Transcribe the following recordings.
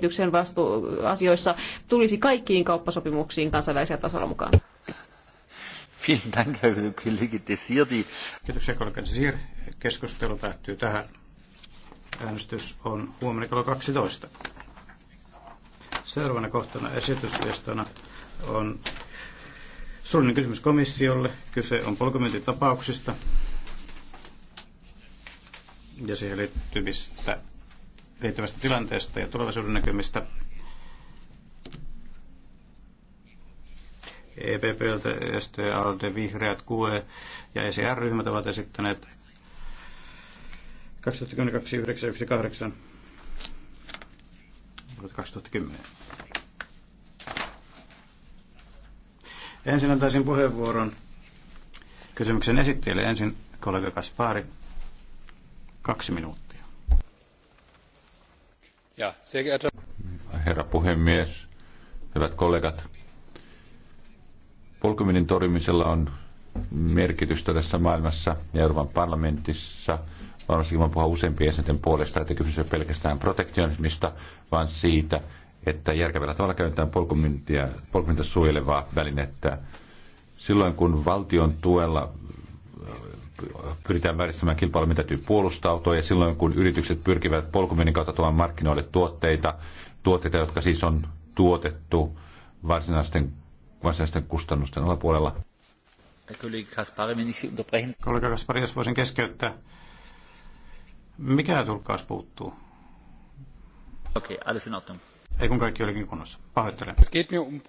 kehityksen vastu- asioissa tulisi kaikkiin kauppasopimuksiin kansainvälisellä tasolla mukaan. Kiitoksia kollega Desir. Keskustelu päättyy tähän. Äänestys on huomenna kello 12. Seuraavana kohtana esityslistana on suullinen kysymys komissiolle. Kyse on polkumyyntitapauksista ja siihen liittyvistä liittyvästä tilanteesta ja tulevaisuuden näkymistä. EPPltä, ST, ALDE, Vihreät, QE ja ECR-ryhmät ovat esittäneet 2010-2918 2010. Ensin antaisin puheenvuoron kysymyksen esittäjälle. Ensin kollega Kaspari, kaksi minuuttia. Herra puhemies, hyvät kollegat. Polkuminen torjumisella on merkitystä tässä maailmassa ja Euroopan parlamentissa. Varmasti voin puhua useampien jäsenten puolesta, että kysymys ei pelkästään protektionismista, vaan siitä, että järkevällä tavalla käytetään polkumintia, polkumintia suojelevaa välinettä. Silloin kun valtion tuella pyritään vääristämään kilpailu, mitä täytyy puolustautua, ja silloin kun yritykset pyrkivät polkumyynnin kautta tuomaan markkinoille tuotteita, tuotteita, jotka siis on tuotettu varsinaisten, varsinaisten kustannusten alapuolella. Kollega Kaspari, jos voisin keskeyttää. Mikä tulkkaus puuttuu? Okei, okay, alles in Ei kun kaikki olikin kunnossa. Pahoittelen. Um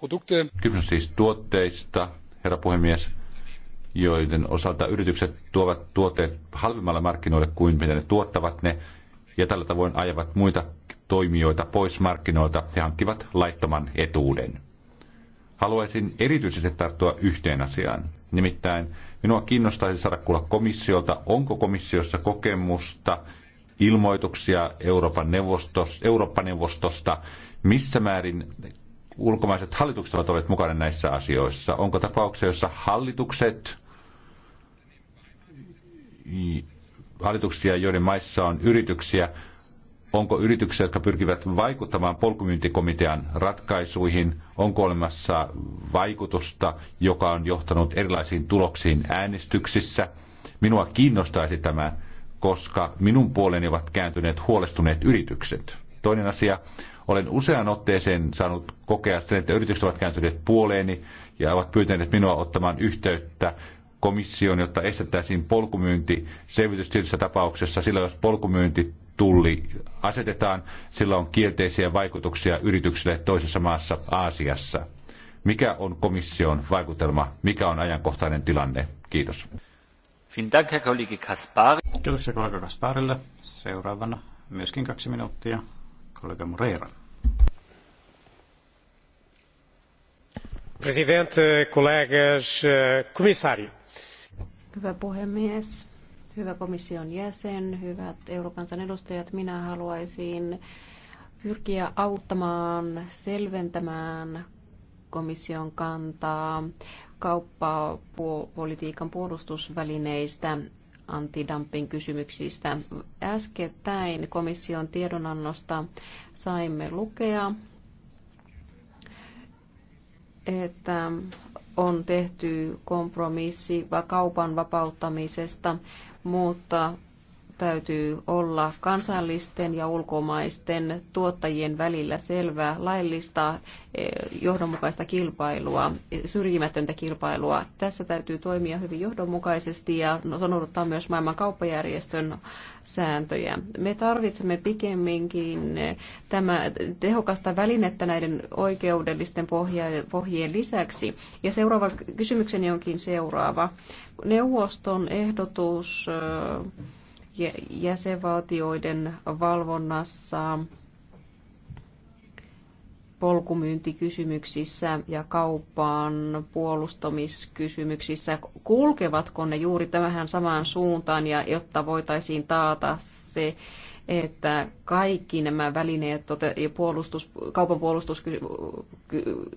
Kysymys siis tuotteista, herra puhemies joiden osalta yritykset tuovat tuotteet halvimmalla markkinoille kuin mitä ne tuottavat ne, ja tällä tavoin ajavat muita toimijoita pois markkinoilta ja hankkivat laittoman etuuden. Haluaisin erityisesti tarttua yhteen asiaan. Nimittäin minua kiinnostaisi saada kuulla komissiolta, onko komissiossa kokemusta, ilmoituksia Euroopan neuvostosta, Eurooppa-neuvostosta, missä määrin ulkomaiset hallitukset ovat olleet mukana näissä asioissa. Onko tapauksia, joissa hallitukset hallituksia, joiden maissa on yrityksiä, onko yrityksiä, jotka pyrkivät vaikuttamaan polkumyyntikomitean ratkaisuihin, onko olemassa vaikutusta, joka on johtanut erilaisiin tuloksiin äänestyksissä. Minua kiinnostaisi tämä, koska minun puoleeni ovat kääntyneet huolestuneet yritykset. Toinen asia, olen usean otteeseen saanut kokea sen, että yritykset ovat kääntyneet puoleeni ja ovat pyytäneet minua ottamaan yhteyttä komissioon, jotta estettäisiin polkumyynti selvitys tapauksessa, sillä jos polkumyynti tulli asetetaan, sillä on kielteisiä vaikutuksia yrityksille toisessa maassa Aasiassa. Mikä on komission vaikutelma? Mikä on ajankohtainen tilanne? Kiitos. Kiitoksia kollega Kasparille. Seuraavana myöskin kaksi minuuttia kollega Moreira. Presidente, kollegas, komissario Hyvä puhemies, hyvä komission jäsen, hyvät eurokansan edustajat, minä haluaisin pyrkiä auttamaan, selventämään komission kantaa kauppapolitiikan puolustusvälineistä antidumping kysymyksistä. Äskettäin komission tiedonannosta saimme lukea, että on tehty kompromissi kaupan vapauttamisesta, mutta täytyy olla kansallisten ja ulkomaisten tuottajien välillä selvää laillista eh, johdonmukaista kilpailua, syrjimätöntä kilpailua. Tässä täytyy toimia hyvin johdonmukaisesti ja no, noudattaa myös maailman kauppajärjestön sääntöjä. Me tarvitsemme pikemminkin eh, tämä tehokasta välinettä näiden oikeudellisten pohjien lisäksi. Ja seuraava kysymykseni onkin seuraava. Neuvoston ehdotus eh, jäsenvaltioiden valvonnassa, polkumyyntikysymyksissä ja kauppaan puolustamiskysymyksissä, kulkevatko ne juuri tähän samaan suuntaan, ja jotta voitaisiin taata se, että kaikki nämä välineet tota, ja puolustus, kaupan puolustus,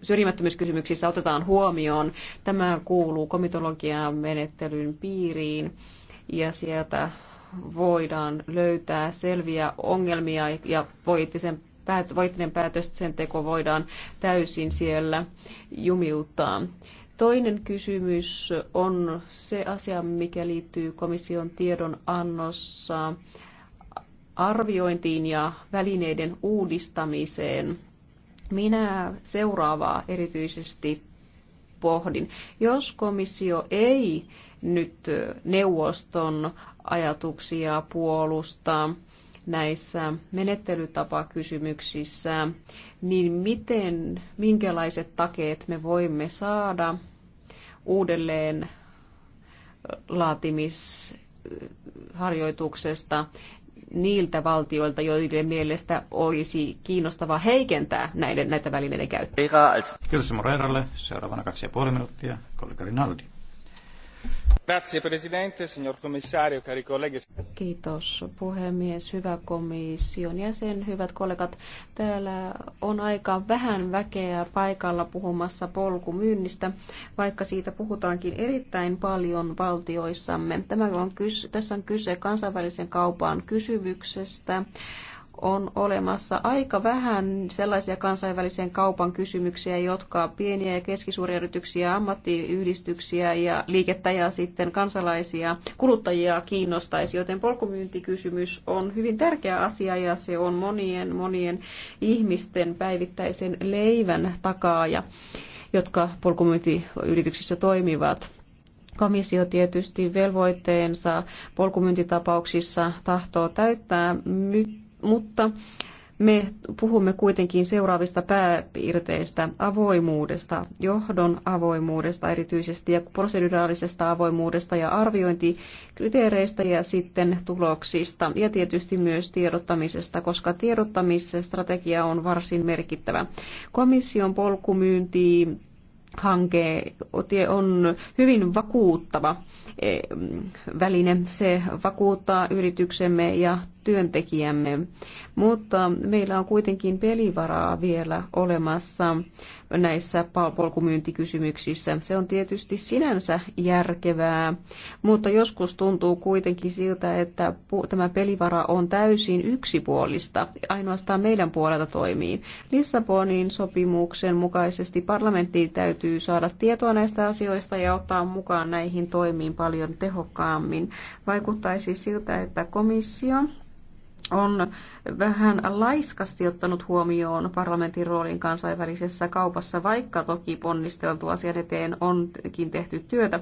syrjimättömyyskysymyksissä otetaan huomioon. Tämä kuuluu komitologian menettelyn piiriin ja sieltä voidaan löytää selviä ongelmia ja poliittisen päät- poliittinen päätös, sen teko voidaan täysin siellä jumiuttaa. Toinen kysymys on se asia, mikä liittyy komission tiedon annossa arviointiin ja välineiden uudistamiseen. Minä seuraavaa erityisesti pohdin. Jos komissio ei nyt neuvoston ajatuksia puolustaa näissä menettelytapakysymyksissä, niin miten, minkälaiset takeet me voimme saada uudelleen laatimisharjoituksesta niiltä valtioilta, joiden mielestä olisi kiinnostava heikentää näiden, näitä välineiden käyttöä. Kiitos Seuraavana kaksi ja puoli minuuttia. Kollega Rinaldi. Kiitos puhemies, hyvä komission jäsen, hyvät kollegat. Täällä on aika vähän väkeä paikalla puhumassa polkumyynnistä, vaikka siitä puhutaankin erittäin paljon valtioissamme. Tämä on, tässä on kyse kansainvälisen kaupan kysymyksestä on olemassa aika vähän sellaisia kansainvälisen kaupan kysymyksiä, jotka pieniä ja keskisuuria yrityksiä, ammattiyhdistyksiä ja liikettä ja sitten kansalaisia, kuluttajia kiinnostaisi, joten polkumyyntikysymys on hyvin tärkeä asia ja se on monien monien ihmisten päivittäisen leivän takaaja, jotka polkumyyntiyrityksissä toimivat komissio tietysti velvoitteensa polkumyyntitapauksissa tahtoo täyttää, mutta me puhumme kuitenkin seuraavista pääpiirteistä, avoimuudesta, johdon avoimuudesta erityisesti ja proseduraalisesta avoimuudesta ja arviointikriteereistä ja sitten tuloksista ja tietysti myös tiedottamisesta, koska tiedottamisstrategia on varsin merkittävä. Komission polkumyynti hanke on hyvin vakuuttava eh, väline. Se vakuuttaa yrityksemme ja työntekijämme, mutta meillä on kuitenkin pelivaraa vielä olemassa näissä polkumyyntikysymyksissä. Se on tietysti sinänsä järkevää, mutta joskus tuntuu kuitenkin siltä, että tämä pelivara on täysin yksipuolista. Ainoastaan meidän puolelta toimii. Lissabonin sopimuksen mukaisesti parlamenttiin täytyy saada tietoa näistä asioista ja ottaa mukaan näihin toimiin paljon tehokkaammin. Vaikuttaisi siltä, että komissio on vähän laiskasti ottanut huomioon parlamentin roolin kansainvälisessä kaupassa, vaikka toki ponnisteltu asian eteen onkin tehty työtä.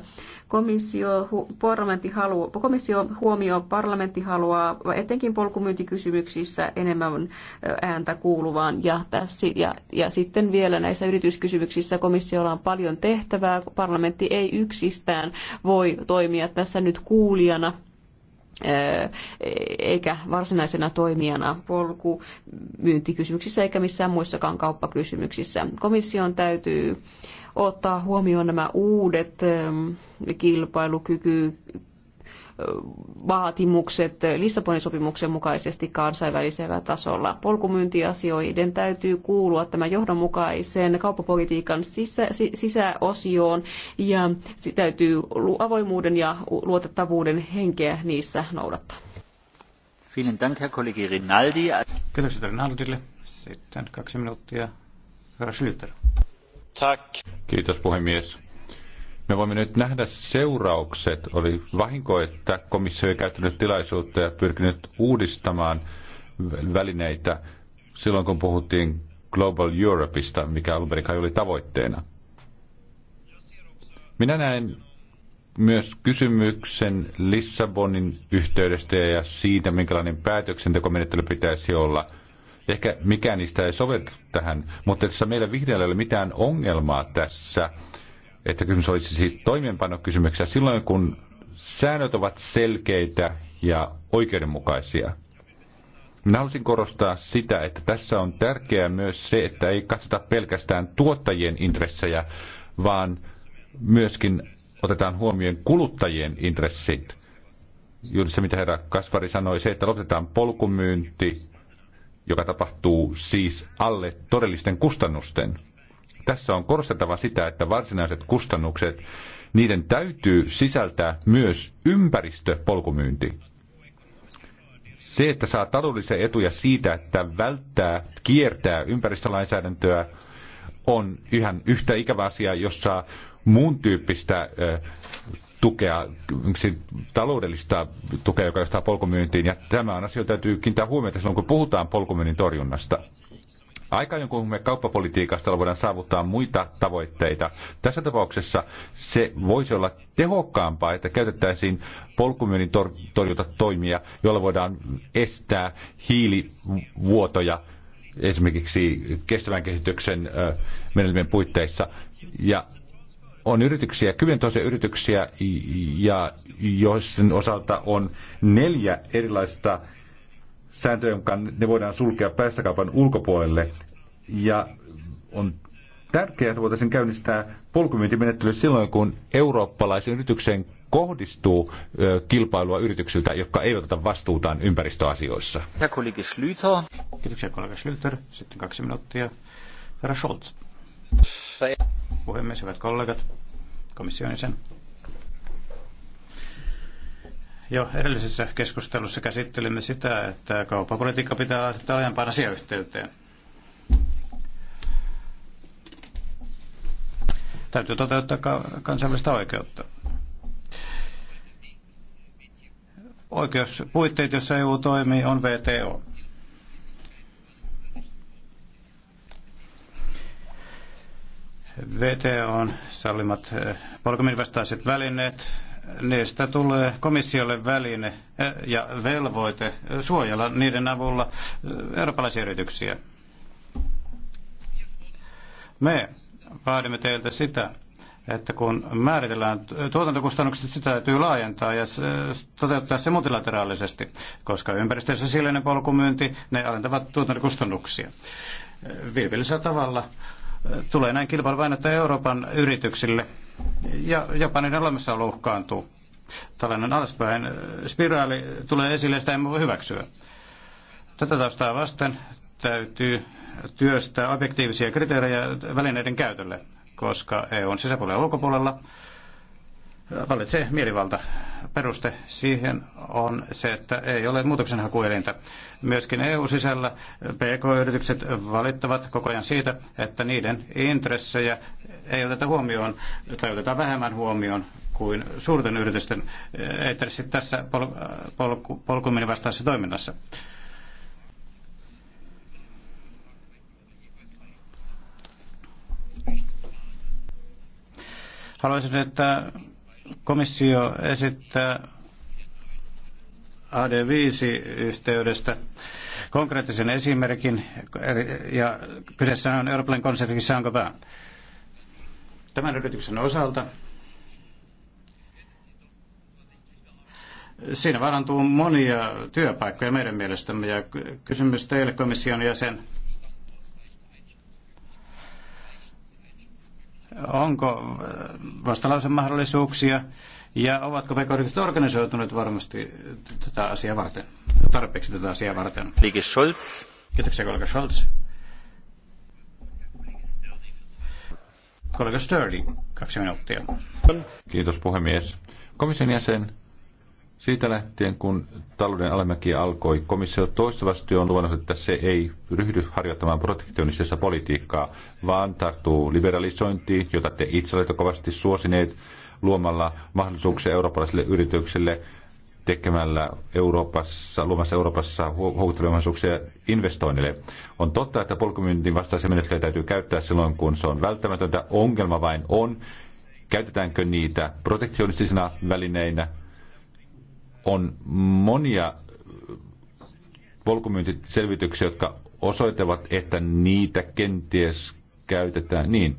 Komissio, hu, parlamentti haluaa, komissio huomioi, parlamentti haluaa etenkin polkumyyntikysymyksissä enemmän ääntä kuuluvaan ja, tässä, ja, ja sitten vielä näissä yrityskysymyksissä komissiolla on paljon tehtävää. Parlamentti ei yksistään voi toimia tässä nyt kuulijana eikä varsinaisena toimijana polkumyyntikysymyksissä eikä missään muissakaan kauppakysymyksissä. Komission täytyy ottaa huomioon nämä uudet kilpailukyky vaatimukset Lissabonin sopimuksen mukaisesti kansainvälisellä tasolla. Polkumyyntiasioiden täytyy kuulua tämän johdonmukaisen kauppapolitiikan sisä, sisäosioon ja täytyy avoimuuden ja luotettavuuden henkeä niissä noudattaa. Vielen Dank, Herr Kollege Rinaldi. Kiitokset Rinaldille. Sitten kaksi minuuttia. Herra Schlüter. Tack. Kiitos puhemies. Me voimme nyt nähdä seuraukset. Oli vahinko, että komissio ei käyttänyt tilaisuutta ja pyrkinyt uudistamaan välineitä silloin, kun puhuttiin Global Europeista, mikä alun perin oli tavoitteena. Minä näen myös kysymyksen Lissabonin yhteydestä ja siitä, minkälainen päätöksentekomenettely pitäisi olla. Ehkä mikään niistä ei sovellu tähän, mutta tässä meillä vihreällä ei ole mitään ongelmaa tässä että kysymys olisi siis toimeenpanokysymyksiä silloin, kun säännöt ovat selkeitä ja oikeudenmukaisia. Minä haluaisin korostaa sitä, että tässä on tärkeää myös se, että ei katsota pelkästään tuottajien intressejä, vaan myöskin otetaan huomioon kuluttajien intressit. Juuri se, mitä herra Kasvari sanoi, se, että lopetetaan polkumyynti, joka tapahtuu siis alle todellisten kustannusten. Tässä on korostettava sitä, että varsinaiset kustannukset, niiden täytyy sisältää myös ympäristöpolkumyynti. Se, että saa taloudellisia etuja siitä, että välttää, kiertää ympäristölainsäädäntöä, on ihan yhtä ikävä asia, jossa muun tyyppistä tukea, taloudellista tukea, joka johtaa polkumyyntiin. Ja tämä on asia, jota täytyy kiinnittää huomiota silloin, kun puhutaan polkumyynnin torjunnasta aikaan, jonkun me kauppapolitiikasta voidaan saavuttaa muita tavoitteita. Tässä tapauksessa se voisi olla tehokkaampaa, että käytettäisiin polkumyynnin tor- toimia, joilla voidaan estää hiilivuotoja esimerkiksi kestävän kehityksen menetelmien puitteissa. Ja on yrityksiä, kymmenen yrityksiä, ja joiden osalta on neljä erilaista sääntöjen mukaan ne voidaan sulkea päästökaupan ulkopuolelle. Ja on tärkeää, että voitaisiin käynnistää polkumyyntimenettely silloin, kun eurooppalaisen yrityksen kohdistuu kilpailua yrityksiltä, jotka eivät ota vastuutaan ympäristöasioissa. Ja kollega Schlüter. Kiitoksia kollega Schlüter. Sitten kaksi minuuttia. Herra Scholz. Puhemies, hyvät kollegat, komission jäsen. Jo edellisessä keskustelussa käsittelimme sitä, että kauppapolitiikka pitää laittaa laajempaan asiayhteyteen. Täytyy toteuttaa kansainvälistä oikeutta. Oikeuspuitteet, joissa EU toimii, on VTO. on sallimat eh, polkumin välineet niistä tulee komissiolle väline eh, ja velvoite suojella niiden avulla eh, eurooppalaisia yrityksiä. Me vaadimme teiltä sitä, että kun määritellään tuotantokustannukset, sitä täytyy laajentaa ja toteuttaa se multilateraalisesti, koska ympäristössä sillinen polkumyynti, ne alentavat tuotantokustannuksia. Vilpillisellä tavalla Tulee näin kilpailupainetta Euroopan yrityksille ja jopa niiden olemassaolo uhkaantuu. Tällainen alaspäin spiraali tulee esille sitä emme voi hyväksyä. Tätä taustaa vasten täytyy työstää objektiivisia kriteerejä välineiden käytölle, koska EUn sisäpuolella ja ulkopuolella valitsee mielivalta. Peruste siihen on se, että ei ole muutoksenhakuelintä. Myöskin EU-sisällä PK-yritykset valittavat koko ajan siitä, että niiden intressejä ei oteta huomioon tai otetaan vähemmän huomioon kuin suurten yritysten eh, intressit tässä pol- polkuminen vastaisessa toiminnassa. Haluaisin, että Komissio esittää AD5-yhteydestä konkreettisen esimerkin, ja kyseessä on Euroopan konserni Sankova. Tämän yrityksen osalta siinä vaarantuu monia työpaikkoja meidän mielestämme, ja kysymys teille komission jäsen. Onko äh, vastalausen mahdollisuuksia ja ovatko pk organisoituneet varmasti tätä asiaa varten, tarpeeksi tätä asiaa varten? Liike Scholz. Kiitoksia kollega Scholz. Kollega Sturdy, kaksi minuuttia. Kiitos puhemies. Komission jäsen, siitä lähtien, kun talouden alamäki alkoi, komissio toistuvasti on luvannut, että se ei ryhdy harjoittamaan protektionistista politiikkaa, vaan tarttuu liberalisointiin, jota te itse olette kovasti suosineet, luomalla mahdollisuuksia eurooppalaisille yrityksille tekemällä Euroopassa, luomassa Euroopassa houkuttelemaisuuksia investoinnille. On totta, että polkumyynnin vastaisia menetelmiä täytyy käyttää silloin, kun se on välttämätöntä. Ongelma vain on, käytetäänkö niitä protektionistisina välineinä on monia polkumyyntiselvityksiä, jotka osoitavat, että niitä kenties käytetään niin.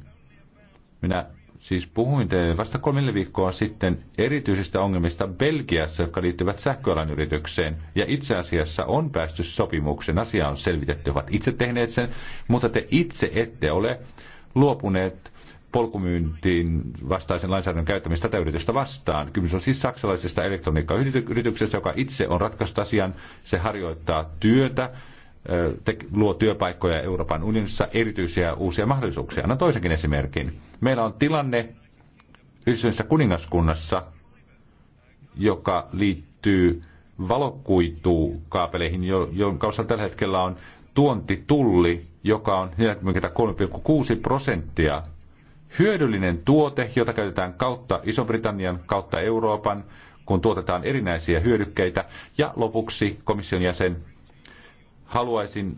Minä siis puhuin teille vasta kolmelle viikkoa sitten erityisistä ongelmista Belgiassa, jotka liittyvät sähköalan yritykseen. Ja itse asiassa on päästy sopimukseen. Asia on selvitetty, ovat itse tehneet sen, mutta te itse ette ole luopuneet polkumyyntiin vastaisen lainsäädännön käyttämistä tätä yritystä vastaan. Kysymys on siis saksalaisesta elektroniikkayrityksestä, joka itse on ratkaissut asian. Se harjoittaa työtä, te, luo työpaikkoja Euroopan unionissa, erityisiä uusia mahdollisuuksia. Annan toisenkin esimerkin. Meillä on tilanne yhdessä kuningaskunnassa, joka liittyy valokuitukaapeleihin, jonka osalta tällä hetkellä on tuontitulli, joka on 43,6 prosenttia hyödyllinen tuote, jota käytetään kautta Iso-Britannian, kautta Euroopan, kun tuotetaan erinäisiä hyödykkeitä. Ja lopuksi komission jäsen, haluaisin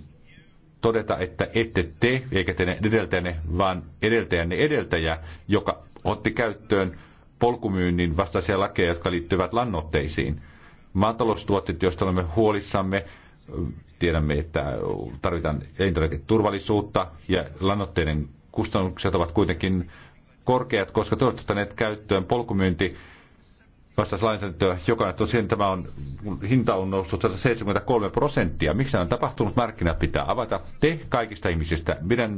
todeta, että ette te, eikä teidän edeltäjänne, vaan edeltäjänne edeltäjä, joka otti käyttöön polkumyynnin vastaisia lakeja, jotka liittyvät lannoitteisiin. Maataloustuotteet, joista olemme huolissamme, tiedämme, että tarvitaan elintarviketurvallisuutta ja lannoitteiden kustannukset ovat kuitenkin korkeat, koska te olette ottaneet käyttöön polkumyynti vastaista lainsäädäntöä, joka on tämä on, hinta on noussut 173 prosenttia. Miksi on tapahtunut? Markkinat pitää avata. Te kaikista ihmisistä, minä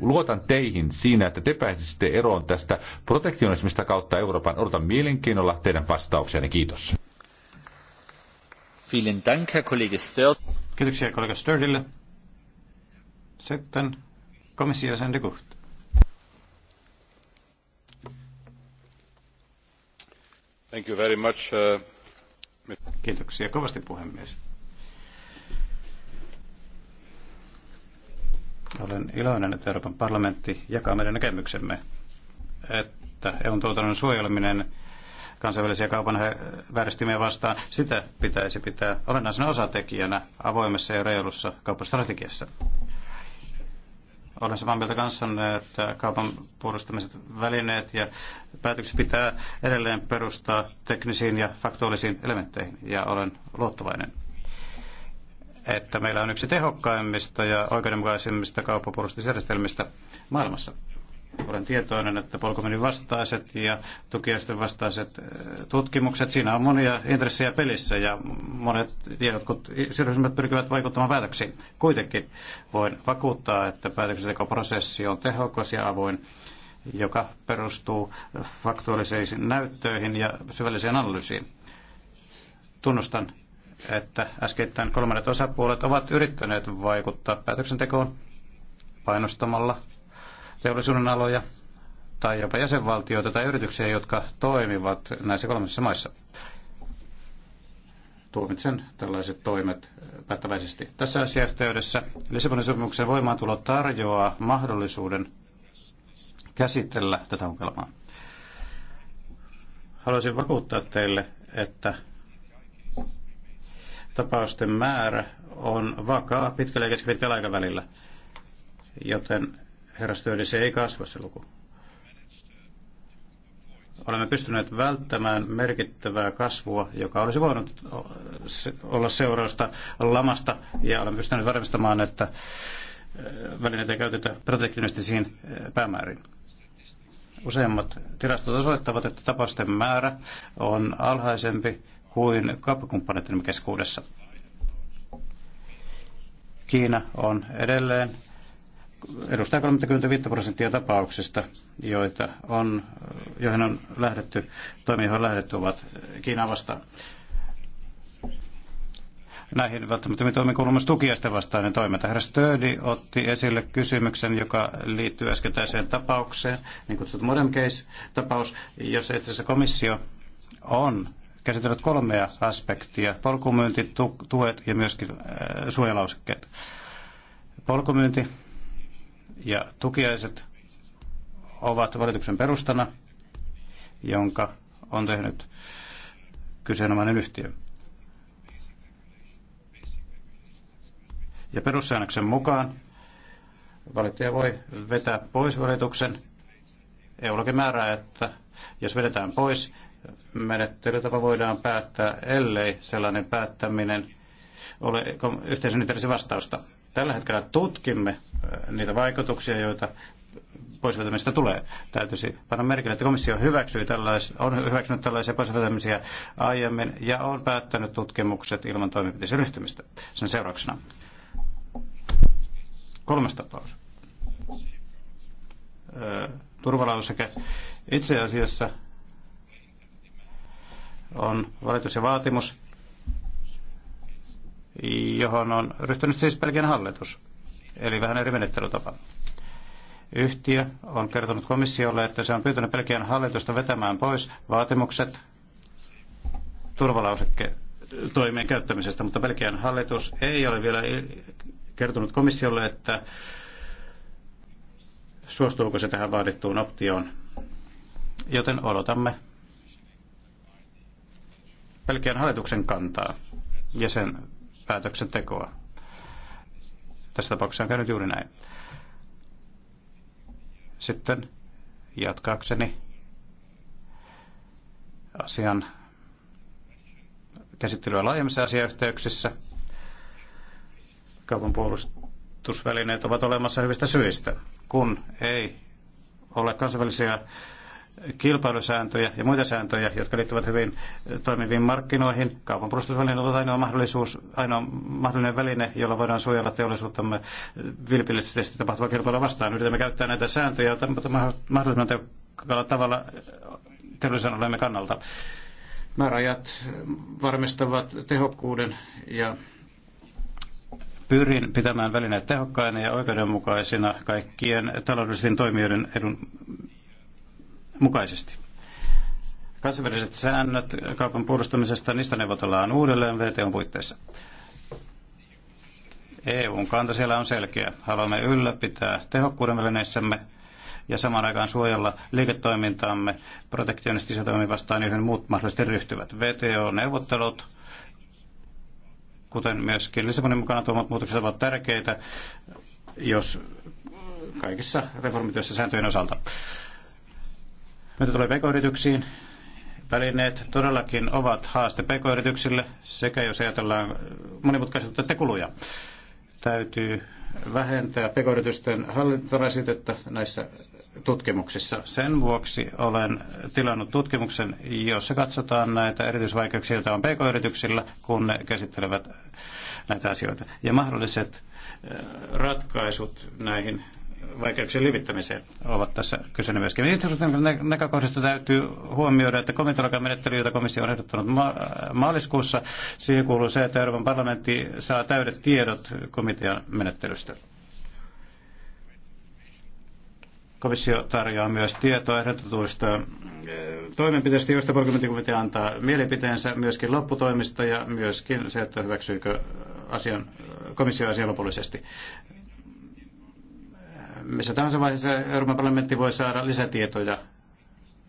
luotan teihin siinä, että te pääsisitte eroon tästä protektionismista kautta Euroopan. Odotan mielenkiinnolla teidän vastauksenne. Kiitos. Vielen Dank, Herr Kollege Stör. Kiitoksia kollega Stördille. Sitten komissio sen Thank you very much. Uh, Kiitoksia kovasti puhemies. Olen iloinen, että Euroopan parlamentti jakaa meidän näkemyksemme, että EUn tuotannon suojeleminen kansainvälisiä kaupan vääristymiä vastaan, sitä pitäisi pitää olennaisena osatekijänä avoimessa ja reilussa kauppastrategiassa. Olen samaa mieltä kanssanne, että kaupan puolustamiset välineet ja päätökset pitää edelleen perustaa teknisiin ja faktuaalisiin elementteihin, ja olen luottavainen että meillä on yksi tehokkaimmista ja oikeudenmukaisimmista kauppapuolustusjärjestelmistä maailmassa. Olen tietoinen, että polkuminen vastaiset ja tukiaisten vastaiset eh, tutkimukset, siinä on monia intressejä pelissä ja monet jotkut sidosryhmät pyrkivät vaikuttamaan päätöksiin. Kuitenkin voin vakuuttaa, että päätöksentekoprosessi on tehokas ja avoin joka perustuu faktuaalisiin näyttöihin ja syvälliseen analyysiin. Tunnustan, että äskeittäin kolmannet osapuolet ovat yrittäneet vaikuttaa päätöksentekoon painostamalla teollisuuden aloja tai jopa jäsenvaltioita tai yrityksiä, jotka toimivat näissä kolmessa maissa. Tuomitsen tällaiset toimet päättäväisesti. Tässä asiayhteydessä Lissabonin sopimuksen voimaantulo tarjoaa mahdollisuuden käsitellä tätä ongelmaa. Haluaisin vakuuttaa teille, että tapausten määrä on vakaa pitkällä ja keskipitkällä aikavälillä, joten herrastöiden, se ei kasva se luku. Olemme pystyneet välttämään merkittävää kasvua, joka olisi voinut olla seurausta lamasta, ja olemme pystyneet varmistamaan, että eh, välineitä käytetään protektionistisiin eh, päämääriin. Useimmat tilastot osoittavat, että tapausten määrä on alhaisempi kuin kauppakumppaneiden keskuudessa. Kiina on edelleen edustaa 35 prosenttia tapauksista, joita on, joihin on lähdetty, toimijoihin on lähdetty, ovat Kiinaa vastaan. Näihin välttämättömiin toimiin kuuluu myös tukiaisten vastainen toiminta. Herra Stödi otti esille kysymyksen, joka liittyy äskettäiseen tapaukseen, niin kutsuttu modern case-tapaus, jossa itse asiassa komissio on käsitellyt kolmea aspektia, polkumyynti, tuet ja myöskin äh, suojalausekkeet. Polkumyynti ja tukiaiset ovat valituksen perustana, jonka on tehnyt kyseenomainen yhtiö. Ja perussäännöksen mukaan valittaja voi vetää pois valituksen. Eulogi määrää, että jos vedetään pois, menettelytapa voidaan päättää, ellei sellainen päättäminen ole yhteisön vastausta. Tällä hetkellä tutkimme äh, niitä vaikutuksia, joita poisvetämistä tulee. Täytyisi panna merkille, että komissio hyväksyi tällais, on hyväksynyt tällaisia poisvetämisiä aiemmin ja on päättänyt tutkimukset ilman toimenpiteisiin ryhtymistä sen seurauksena. Kolmas tapaus. Äh, turvalauseke. Itse asiassa on valitus ja vaatimus johon on ryhtynyt siis Belgian hallitus, eli vähän eri menettelytapa. Yhtiö on kertonut komissiolle, että se on pyytänyt Belgian hallitusta vetämään pois vaatimukset turvalausekkeen toimien käyttämisestä, mutta Belgian hallitus ei ole vielä kertonut komissiolle, että suostuuko se tähän vaadittuun optioon. Joten odotamme Belgian hallituksen kantaa ja sen päätöksentekoa. Tässä tapauksessa on käynyt juuri näin. Sitten jatkaakseni asian käsittelyä laajemmissa asiayhteyksissä. Kaupan puolustusvälineet ovat olemassa hyvistä syistä. Kun ei ole kansainvälisiä kilpailusääntöjä ja muita sääntöjä, jotka liittyvät hyvin toimiviin markkinoihin. Kaupan On ollut ainoa, mahdollisuus, ainoa mahdollinen väline, jolla voidaan suojella teollisuuttamme vilpillisesti tapahtuvaa kilpailua vastaan. Yritämme käyttää näitä sääntöjä mahdollisimman tehokkaalla tavalla teollisen olemme kannalta. Määräajat varmistavat tehokkuuden ja pyrin pitämään välineet tehokkaina ja oikeudenmukaisina kaikkien taloudellisten toimijoiden edun mukaisesti. Kansainväliset säännöt kaupan puolustamisesta, niistä neuvotellaan uudelleen VTOn puitteissa. EUn kanta siellä on selkeä. Haluamme ylläpitää tehokkuuden välineissämme ja samaan aikaan suojella liiketoimintaamme protektionistisia toimia vastaan, joihin muut mahdollisesti ryhtyvät. VTO-neuvottelut, kuten myöskin Lissabonin mukana tuomat muutokset ovat tärkeitä, jos kaikissa reformityössä sääntöjen osalta. Mitä tulee pk-yrityksiin, välineet todellakin ovat haaste pk-yrityksille sekä jos ajatellaan monimutkaisuutta että kuluja. Täytyy vähentää pk-yritysten hallintorasitetta näissä tutkimuksissa. Sen vuoksi olen tilannut tutkimuksen, jossa katsotaan näitä erityisvaikeuksia, joita on pk-yrityksillä, kun ne käsittelevät näitä asioita. Ja mahdolliset äh, ratkaisut näihin vaikeuksien lievittämiseen ovat tässä kysyneet myöskin. Ihmisoikeuksien näkökohdista täytyy huomioida, että menettely, jota komissio on ehdottanut ma- maaliskuussa, siihen kuuluu se, että Euroopan parlamentti saa täydet tiedot komitean menettelystä. Komissio tarjoaa myös tietoa ehdotetuista eh, toimenpiteistä, joista parlamenttikomitea antaa mielipiteensä, myöskin lopputoimista ja myöskin se, että hyväksyykö asian, komissio asian lopullisesti missä tahansa vaiheessa Euroopan parlamentti voi saada lisätietoja,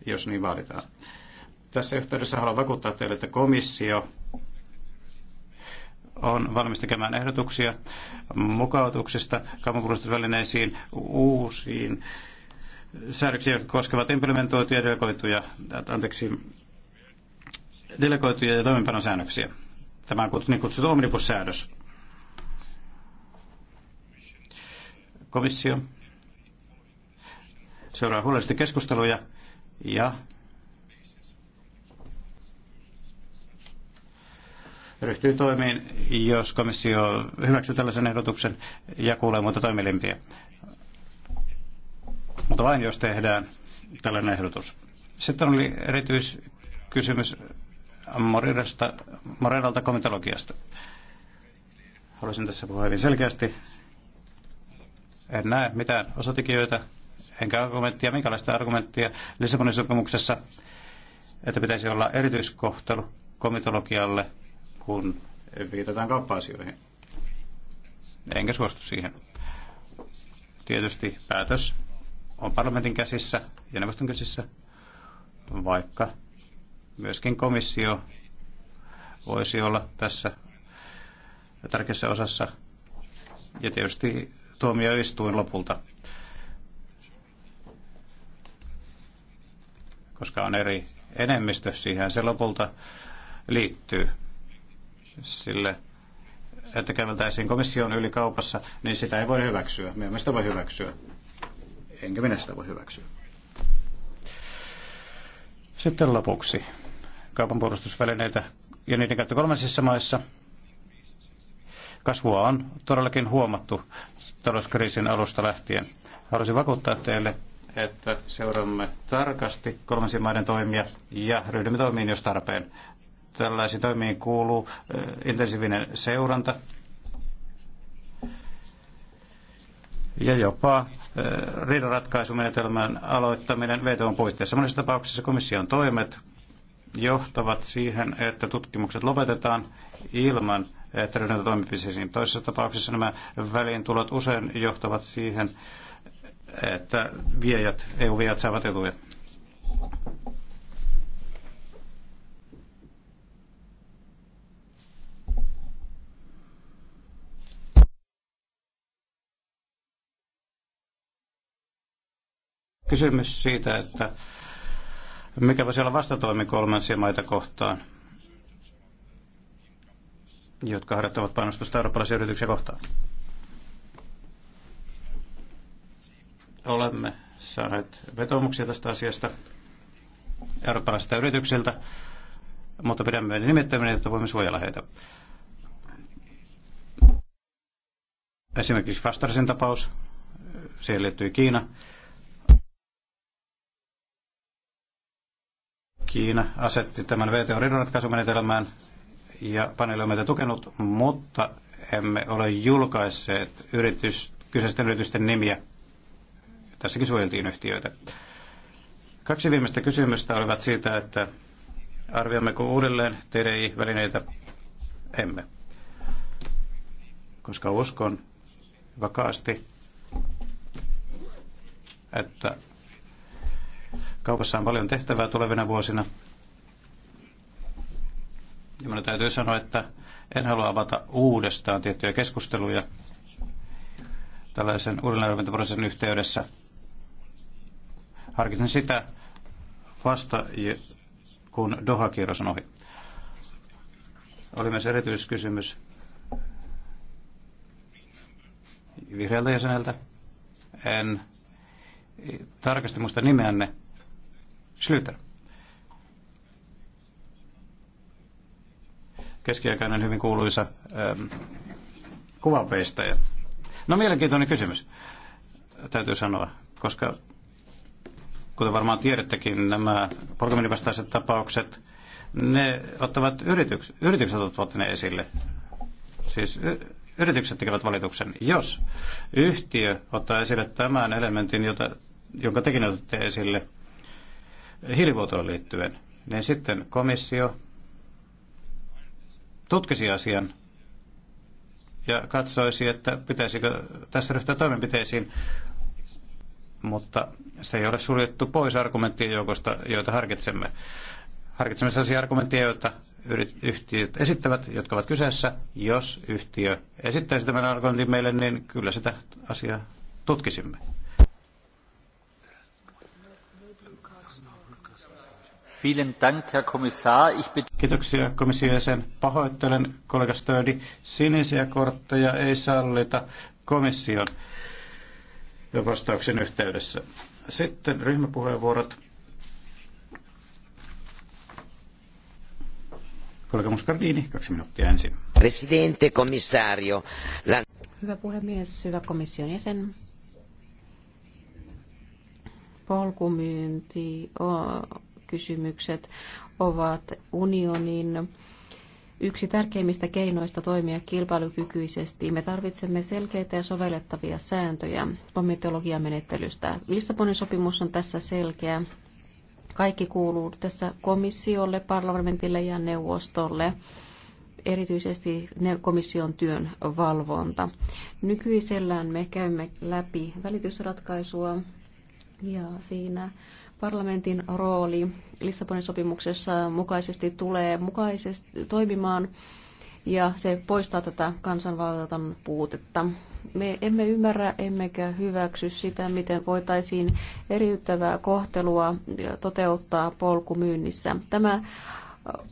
jos niin vaaditaan. Tässä yhteydessä haluan vakuuttaa teille, että komissio on valmis tekemään ehdotuksia mukautuksista kaupunkipuolustusvälineisiin uusiin säädöksiä, jotka koskevat implementoituja delegoituja, anteeksi, delegoituja ja säännöksiä. Tämä on niin kutsuttu omnibussäädös. Komissio seuraa huolellisesti keskusteluja ja ryhtyy toimiin, jos komissio hyväksyy tällaisen ehdotuksen ja kuulee muita toimielimpiä. Mutta vain jos tehdään tällainen ehdotus. Sitten oli erityiskysymys Morirasta, Morelalta komitologiasta. Haluaisin tässä puhua hyvin selkeästi. En näe mitään osatekijöitä enkä argumenttia, minkälaista argumenttia Lissabonin sopimuksessa, että pitäisi olla erityiskohtelu komitologialle, kun viitataan kauppa-asioihin. Enkä suostu siihen. Tietysti päätös on parlamentin käsissä ja neuvoston käsissä, vaikka myöskin komissio voisi olla tässä tärkeässä osassa. Ja tietysti tuomioistuin lopulta koska on eri enemmistö, siihen se lopulta liittyy sille, että käveltäisiin komission yli kaupassa, niin sitä ei voi hyväksyä. Me emme sitä voi hyväksyä. Enkä minä sitä voi hyväksyä. Sitten lopuksi kaupan puolustusvälineitä ja niiden käyttö kolmansissa maissa. Kasvua on todellakin huomattu talouskriisin alusta lähtien. Haluaisin vakuuttaa teille, että seuraamme tarkasti kolmansien maiden toimia ja ryhdymme toimiin, jos tarpeen. Tällaisiin toimiin kuuluu intensiivinen seuranta ja jopa riidanratkaisumenetelmän aloittaminen VTOn puitteissa. Monissa tapauksissa komission toimet johtavat siihen, että tutkimukset lopetetaan ilman, että ryhdytään toimipisiin. Toisessa tapauksessa nämä väliintulot usein johtavat siihen, että viejät, EU-viejät saavat etuja. Kysymys siitä, että mikä voisi olla vastatoimi kolmansia maita kohtaan, jotka harjoittavat painostusta eurooppalaisia yrityksiä kohtaan. Olemme saaneet vetomuksia tästä asiasta eurooppalaisilta yrityksiltä, mutta pidämme nimittäminen, että voimme suojella heitä. Esimerkiksi Fastarsin tapaus, siihen liittyy Kiina. Kiina asetti tämän VTO-riidanratkaisumenetelmään ja paneeli on meitä tukenut, mutta emme ole julkaisseet yritys, kyseisten yritysten nimiä Tässäkin suojeltiin yhtiöitä. Kaksi viimeistä kysymystä olivat siitä, että arvioimmeko uudelleen TDI-välineitä? Emme. Koska uskon vakaasti, että kaupassa on paljon tehtävää tulevina vuosina. Ja minun täytyy sanoa, että en halua avata uudestaan tiettyjä keskusteluja tällaisen uudelleenarviointiprosessin yhteydessä Harkitsen sitä vasta, kun Doha-kierros on ohi. Oli myös erityiskysymys vihreältä jäseneltä. En tarkasti muista nimeänne. Slyter. Keskiaikainen hyvin kuuluisa ähm, kuvanveistäjä. No mielenkiintoinen kysymys, täytyy sanoa, koska kuten varmaan tiedättekin, nämä polkeminen tapaukset, ne ottavat yrityks, yritykset ottavat ne esille. Siis y, yritykset tekevät valituksen. Jos yhtiö ottaa esille tämän elementin, jota, jonka tekin otatte esille hiilivuotoon liittyen, niin sitten komissio tutkisi asian ja katsoisi, että pitäisikö tässä ryhtyä toimenpiteisiin mutta se ei ole suljettu pois argumenttien joukosta, joita harkitsemme. Harkitsemme sellaisia argumentteja, joita yhtiöt esittävät, jotka ovat kyseessä. Jos yhtiö esittäisi tämän argumentin meille, niin kyllä sitä asiaa tutkisimme. Kiitoksia komission jäsen. Pahoittelen kollega Stödi. Sinisiä kortteja ei sallita komission vastauksen yhteydessä. Sitten ryhmäpuheenvuorot. Kollega Muscardini, kaksi minuuttia ensin. Presidente, komissario. La... Hyvä puhemies, hyvä komission jäsen. Polkumyyntikysymykset kysymykset ovat unionin yksi tärkeimmistä keinoista toimia kilpailukykyisesti. Me tarvitsemme selkeitä ja sovellettavia sääntöjä komiteologiamenettelystä. Lissabonin sopimus on tässä selkeä. Kaikki kuuluu tässä komissiolle, parlamentille ja neuvostolle erityisesti komission työn valvonta. Nykyisellään me käymme läpi välitysratkaisua ja siinä Parlamentin rooli Lissabonin sopimuksessa mukaisesti tulee mukaisesti toimimaan ja se poistaa tätä kansanvaltan puutetta. Me emme ymmärrä emmekä hyväksy sitä, miten voitaisiin eriyttävää kohtelua toteuttaa polkumyynnissä. Tämä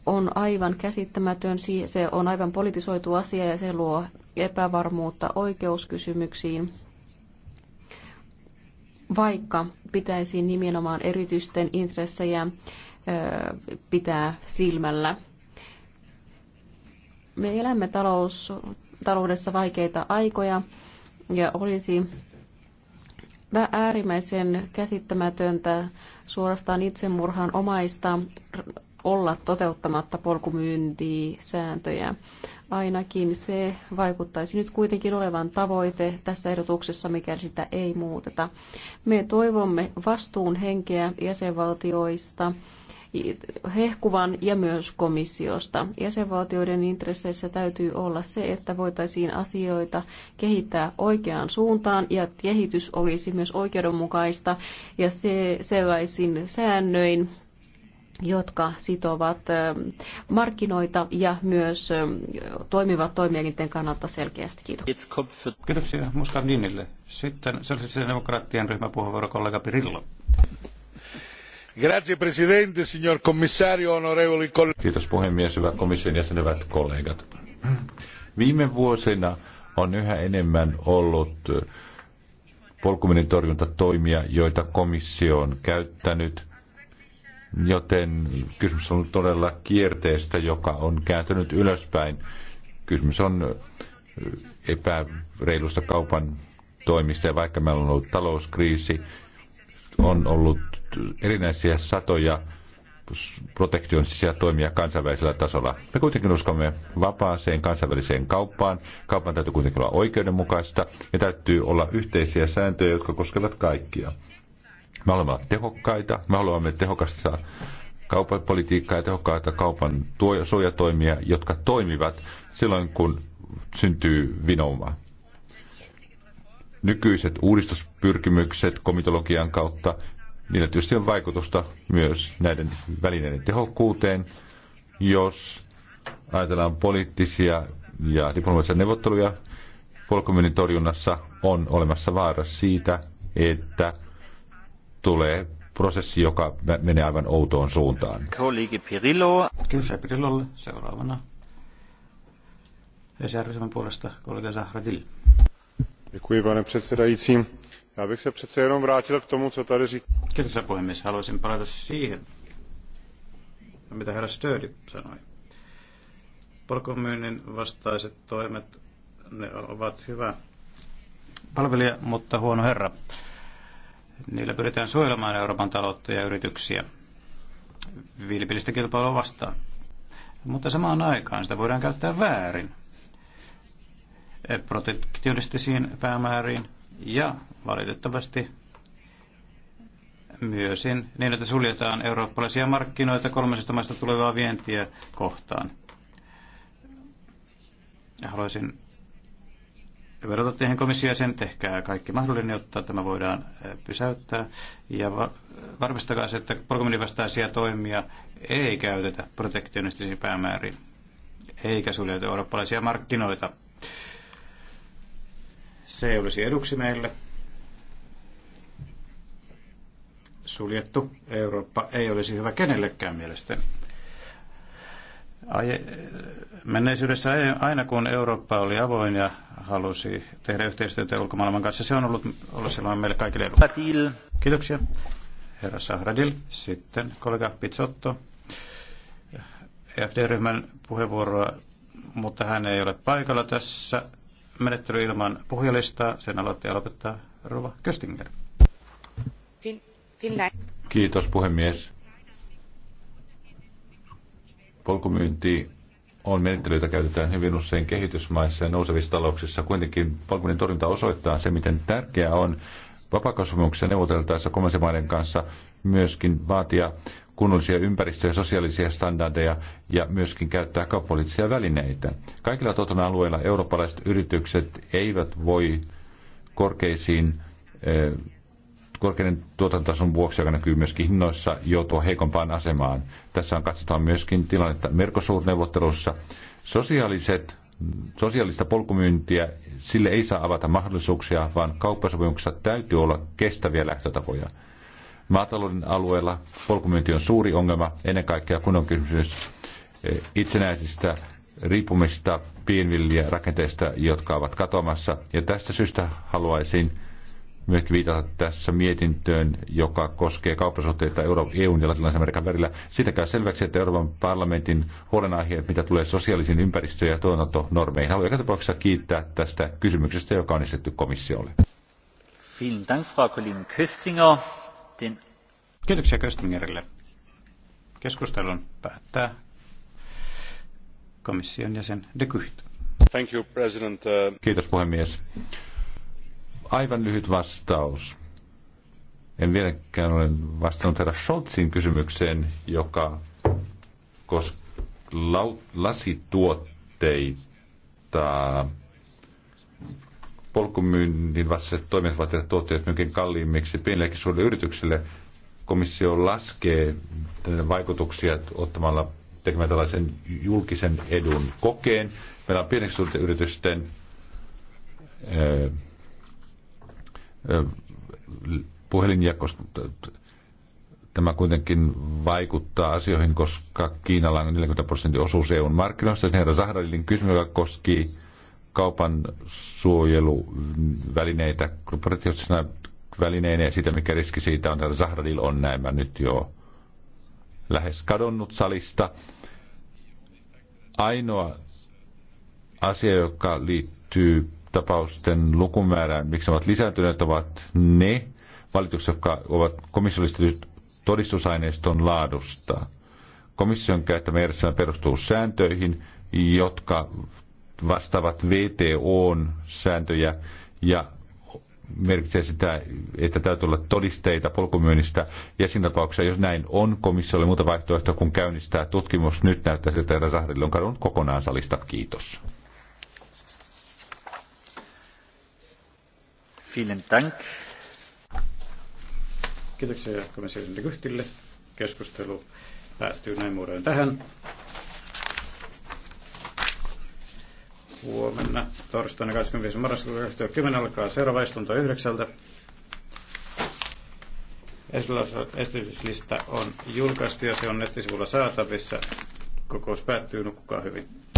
on aivan käsittämätön, se on aivan politisoitu asia ja se luo epävarmuutta oikeuskysymyksiin vaikka pitäisi nimenomaan erityisten intressejä pitää silmällä. Me elämme talous, taloudessa vaikeita aikoja ja olisi äärimmäisen käsittämätöntä suorastaan itsemurhan omaista olla toteuttamatta polkumyyntisääntöjä ainakin se vaikuttaisi nyt kuitenkin olevan tavoite tässä ehdotuksessa, mikäli sitä ei muuteta. Me toivomme vastuun henkeä jäsenvaltioista hehkuvan ja myös komissiosta. Jäsenvaltioiden intresseissä täytyy olla se, että voitaisiin asioita kehittää oikeaan suuntaan ja kehitys olisi myös oikeudenmukaista ja se sellaisin säännöin, jotka sitovat markkinoita ja myös toimivat toimielinten kannalta selkeästi. Kiitos. Kiitoksia Muscardinille. Sitten sosiaalisen demokraattien ryhmäpuheenvuoro kollega Pirillo. Grazie presidente, signor commissario, onorevoli colleghi. Kiitos puhemies, hyvä komission jäsenet, kollegat. Viime vuosina on yhä enemmän ollut polkuminen torjuntatoimia, joita komissio on käyttänyt – joten kysymys on todella kierteestä, joka on kääntynyt ylöspäin. Kysymys on epäreilusta kaupan toimista ja vaikka meillä on ollut talouskriisi, on ollut erinäisiä satoja protektionistisia toimia kansainvälisellä tasolla. Me kuitenkin uskomme vapaaseen kansainväliseen kauppaan. Kaupan täytyy kuitenkin olla oikeudenmukaista ja täytyy olla yhteisiä sääntöjä, jotka koskevat kaikkia. Me olemme tehokkaita, me haluamme tehokasta kauppapolitiikkaa ja tehokkaita kaupan tuo- suojatoimia, jotka toimivat silloin, kun syntyy vinouma. Nykyiset uudistuspyrkimykset komitologian kautta, niillä tietysti on vaikutusta myös näiden välineiden tehokkuuteen, jos ajatellaan poliittisia ja diplomaattisia neuvotteluja, polkumyynnin torjunnassa on olemassa vaara siitä, että tulee prosessi, joka menee aivan outoon suuntaan. Kollegi Pirillo. Kyllä Pirillolle seuraavana. sr puolesta kollega Zahradil. Děkuji, pane předsedající. Já bych se přece jenom vrátil k tomu, co tady říká. Kiitoksia puhemies. Haluaisin palata siihen, mitä herra Stödi sanoi. Polkomyynnin vastaiset toimet, ne ovat hyvä palvelija, mutta huono herra. Niillä pyritään suojelemaan Euroopan taloutta ja yrityksiä vilpillistä kilpailua vastaan. Mutta samaan aikaan sitä voidaan käyttää väärin protektionistisiin päämääriin ja valitettavasti myös niin, että suljetaan eurooppalaisia markkinoita kolmesta maista tulevaa vientiä kohtaan. Haluaisin vedota teihin komission sen, tehkää kaikki mahdollinen, jotta tämä voidaan eh, pysäyttää. Ja varmistakaa se, että polkuminen vastaisia toimia ei käytetä protektionistisiin päämääriin, eikä suljeta eurooppalaisia markkinoita. Se ei olisi eduksi meille. Suljettu Eurooppa ei olisi hyvä kenellekään mielestäni. Menneisyydessä aina kun Eurooppa oli avoin ja halusi tehdä yhteistyötä ulkomaailman kanssa, se on ollut, ollut silloin meille kaikille edukkaan. Kiitoksia. Herra Sahradil, sitten kollega Pizzotto. EFD-ryhmän puheenvuoroa, mutta hän ei ole paikalla tässä. Menettely ilman puhujalistaa, sen ja lopettaa Rova Köstinger. Kiitos puhemies. Polkumyynti on menettely, jota käytetään hyvin usein kehitysmaissa ja nousevissa talouksissa. Kuitenkin polkumyynnin torjunta osoittaa se, miten tärkeää on vapaakasvamuksia neuvoteltaessa kolmansien maiden kanssa myöskin vaatia kunnollisia ympäristö- ja sosiaalisia standardeja ja myöskin käyttää kauppapoliittisia välineitä. Kaikilla totona alueilla eurooppalaiset yritykset eivät voi korkeisiin eh, korkean tuotantotason vuoksi, joka näkyy myöskin hinnoissa, joutua heikompaan asemaan. Tässä on katsotaan myöskin tilannetta Mercosur-neuvottelussa. Sosiaaliset, sosiaalista polkumyyntiä, sille ei saa avata mahdollisuuksia, vaan kauppasopimuksessa täytyy olla kestäviä lähtötapoja. Maatalouden alueella polkumyynti on suuri ongelma, ennen kaikkea kun on kysymys eh, itsenäisistä riippumista pienvilliä rakenteista, jotka ovat katoamassa. Ja tästä syystä haluaisin myöskin viitata tässä mietintöön, joka koskee kauppasuhteita Euro- EUn ja Latinalaisen Amerikan välillä. Siitä käy selväksi, että Euroopan parlamentin huolenaiheet, mitä tulee sosiaalisiin ympäristö- ja tuotantonormeihin. Haluan joka tapauksessa kiittää tästä kysymyksestä, joka on esitetty komissiolle. Kiitoksia Köstingerille. Keskustelun päättää komission jäsen De Gucht. Thank you, President. Kiitos puhemies. Aivan lyhyt vastaus. En vieläkään ole vastannut herra Scholzin kysymykseen, joka koska lasituotteita. Polkumyynnin vastaiset toimijat ovat tehdä tuotteet myöskin kalliimmiksi pienillekin suurille yrityksille. Komissio laskee vaikutuksia ottamalla tekemään tällaisen julkisen edun kokeen. Meillä on pieneksi yritysten puhelinjakosta. Tämä kuitenkin vaikuttaa asioihin, koska Kiinalla on 40 prosentin osuus EUn markkinoista. Herra Zahradilin kysymys, joka koski kaupan suojeluvälineitä, korporatiivisena välineinä ja sitä, mikä riski siitä on. Herra Zahradil on näin, nyt jo lähes kadonnut salista. Ainoa asia, joka liittyy tapausten lukumäärään, miksi ne ovat lisääntyneet, ovat ne valitukset, jotka ovat komissiollisesti todistusaineiston laadusta. Komission käyttämä järjestelmä perustuu sääntöihin, jotka vastaavat VTOn sääntöjä ja merkitsee sitä, että täytyy olla todisteita polkumyynnistä. Ja siinä tapauksessa, jos näin on, komissio oli muuta vaihtoehtoa kuin käynnistää tutkimus. Nyt näyttää siltä, että Sahdille on kadonnut kokonaan salista. Kiitos. Vielen Dank. Kiitoksia komission Kyhtille. Keskustelu päättyy näin muodoin tähän. Huomenna torstaina 25. marraskuuta 2010 alkaa seuraava istunto yhdeksältä. Esityslista on julkaistu ja se on nettisivulla saatavissa. Kokous päättyy, nukkukaa hyvin.